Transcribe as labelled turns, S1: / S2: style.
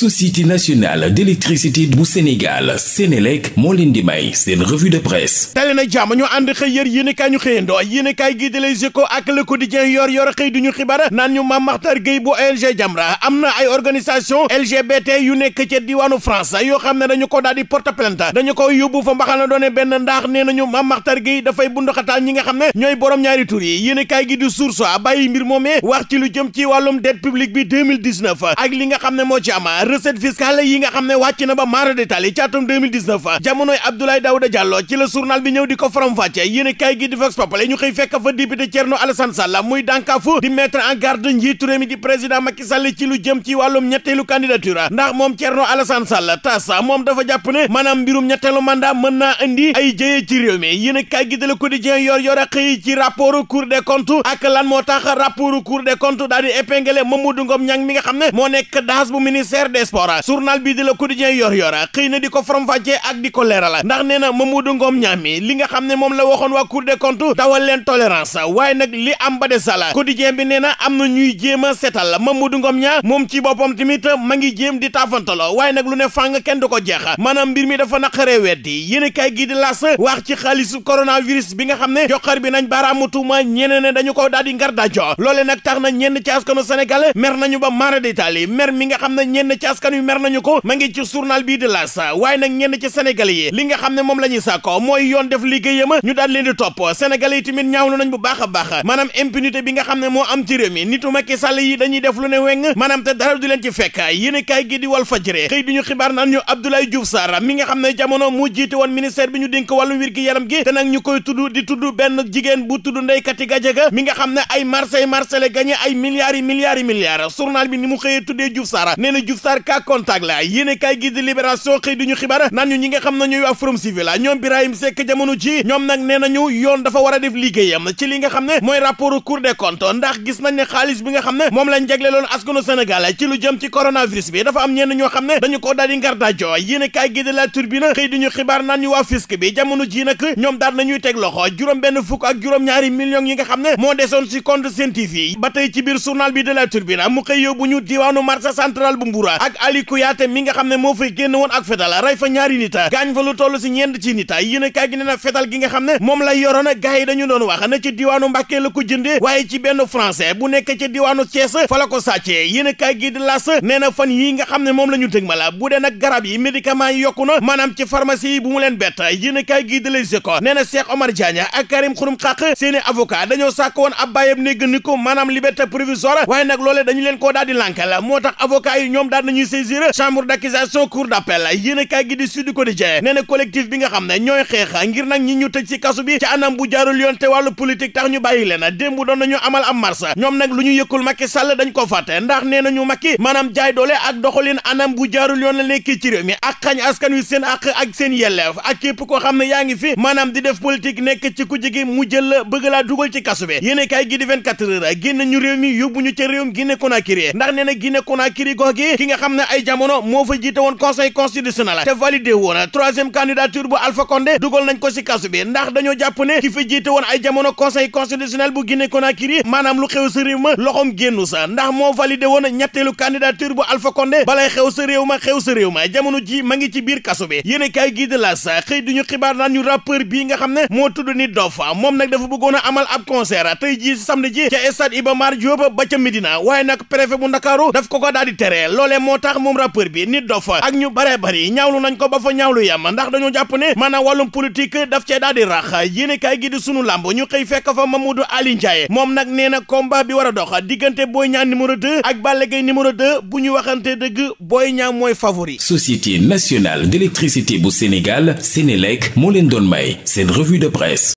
S1: société nationale d'électricité bu Sénégal Sénélec moo leen di may seen revue de presse tali na jàmm ñu ànd xëy yër yéenekaay ñu xëyandoo yéenekaay gi di Les Échos ak Le Quotidien yor yor xëy du ñu xibaar naan ñu Mame Makhtar Gueye bu ONG Jamra am na ay organisation LGBT yu nekk ca diwaanu France yoo xam ne dañu ko daal porte plainte dañu ko yóbbu fa mbaxal na doone benn ndax nee nañu Mame Makhtar Gueye dafay bunduxataal ñi nga xam n ñooy borom ñaari tur yi nga xam ne moo ama recette fiscale yi nga xam ne wàcc na ba maara détaali ci atum 2019 jamonoy Abdoulaye Daouda Diallo ci la journal bi ñëw di ko faram-fàcce yéen a kaay gi di Vox Populi ñu xëy fekk fa député Thierno Alassane Sall muy dànkaafu di mettre en garde njiitu réew mi di président Macky Sall ci lu jëm ci wàllum ñetteelu candidature ndax moom Thierno Alassane Sall tas moom dafa jàpp ne maanaam mbirum ñetteelu mandat mën naa indi ay jëye ci réew mi a kaay ne moo nekk daas des sports journal bi di la quotidien yor yora xëy na di ko faram-fàccee ak di ko leerala ndax nee na Mamadou Ngom Ñaami li nga xam ne moom la waxoon waa Cour des comptes dawal leen tolérance waaye nag li am ba des la quotidien bi nee na am na ñuy jéem a seetal Mamadou Ngom ñaa moom ci boppam tamit ma ngi jéem di taafantaloo waaye nag lu ne fàng kenn du ko jeex maanaam mbir mi dafa naqaree weddi yéen kay gi las wax ci xaalisu coronavirus bi nga xam ne joxar bi na askan wi mer nañu ko ma ngi ci journal bii di L'As waaye li nga xam ne moom la ñuy sàkko mooy yoon def liggéeyam ñu daal leen di topp sénégalais yi tamit ñaawlu nañ bu baax a baax maanaam impunité bi nga xam ne moo am ci réew mi nitu Macky Sall yi dañuy def lu ne weng maanaam te dara du leen ci fekk yéen kaay gi di Walf Fadjri xëy di ñu xibaar naan ñu Abdoulaye mi nga xam ne jamono mu jiite woon ministère bi ñu dénk wàllu wér gi yaram gi te nag ñu koy tudd di tudd benn jigéen bu tudd Ndeye Kati Gadiaga mi nga xam ne ay marché marché la gagné ay milliards yi milliards yi milliards journal bi ni mu xëyee tuddee Diouf Sarr nee na Diouf kaa ka contact la yéene kaay gi di libération xëy di ñu xibaar naan ñu ñi nga xam ne ñuy waa Forum Civil la ñoom Birahim Seck jamono ji ñoom nag nee nañu yoon dafa war a def liggéeyam ci li nga xam ne mooy rapport Cour des comptes ndax gis nañ ne xaalis bi nga xam ne moom lañ jagleeloon askanu Sénégal ci lu jëm ci coronavirus bi dafa am ñenn ñoo xam ne dañu ko daal di ngardaajoo yéene kaay gi di la turbine xëy di ñu xibaar naan ñu waa fisc bi jamono ji nag ñoom daal nañuy teg loxo juróom benn fukk ak juróom ñaari millions yi xam ne moo desoon ci compte Sen TV ba ci biir journal bi de la turbine mu xëy yóbbu ñu diwaanu marché central bu Mbour ak Ali Kouyaté mi nga xam ne moo fay génn woon ak fetal rey fa ñaari nit gaañ fa lu toll si ñeent ci nit yéenekaay gi nee fetal gi nga xam ne moom la yoroon gars yi dañu doon wax na ci diwaanu Mbàkke la ko jëndee waaye ci benn français bu nekk ci diwaanu Thiès fa la ko sàccee yéenekaay gi di las nee na fan yi nga xam ne moom la ñu tëg ma la bu dee nag garab yi médicament yi yokku na maanaam ci pharmacie yi bu mu leen bett yéenekaay gi di Les Échos nee na Cheikh Omar Diagne ak Karim Xurum Xaq seeni avocat dañoo sàkk woon ab bàyyam négg ko daal di lànkal moo tax avocat yi ñoom daal la ñuy saisir chambre d'accusation cour d'appel yéenekaay gi di Sud Quotidien nee na collectif bi nga xam ne ñooy xeex ngir nag ñi ñu tëj ci kasu bi ci anam bu jaarul yoon te wàllu politique tax ñu bàyyi leen démb doon nañu amal am mars ñoom nag lu ñu yëkkul Macky Sall dañ ko fàtte ndax nee nañu Macky maanaam jaay doole ak doxalin anam bu jaarul yoon la nekkee ci réew mi ak xañ askan wi seen ak ak seen yelleef ak képp ko xam na yaa ngi fi maanaam di def politique nekk ci ku jigi mu jël bëgg laa dugal ci kasu bi yéenekaay gi di 24 heures génn ñu réew mi yóbbu ñu ca réewum Guinée Conakry ndax nee na Guinée Conakry gox gi ki nga xam ne ay jamono moo fa jiite woon conseil constitutionnel te validé woon troisième candidature bu Alpha Condé dugal nañ ko si kasu bi ndax dañoo jàpp ne ki fa jiite woon ay jamono conseil constitutionnel bu Guinée Conakry maanaam lu xew sa réew ma loxom génnu sa ndax moo validé woon ñetteelu candidature bu Alpha Condé balay xew sa réew ma xew sa réew ma jamono ji ma ngi ci biir kasu bi yéen a kaay la sa xëy duñu xibaar naan ñu bi bii nga xam moo tudd ni dof moom nag dafa bëggoon a amal ab concert tey jii samedi ji ca stade Iba Mar ba ca Médina waaye nag préfet bu Ndakaaru daf ko ko daal di tere moo tax moom rappeur bi nit dof ak ñu bare bari ñaawlu nañ ko ba fa ñaawlu yam ndax dañoo jàpp ne maanaam wàllum politique daf cee daal di rax yéen kaay gi di sunu làmb ñu xëy fekk fa Mamadou Ali Ndiaye moom nag nee na combat bi war a dox diggante booy Niang numéro de ak Balla Gaye numéro bu ñu waxante dëgg booy Niang mooy favori. Société nationale d'électricité bu Sénégal Sénélec moo leen doon may seen revue de presse.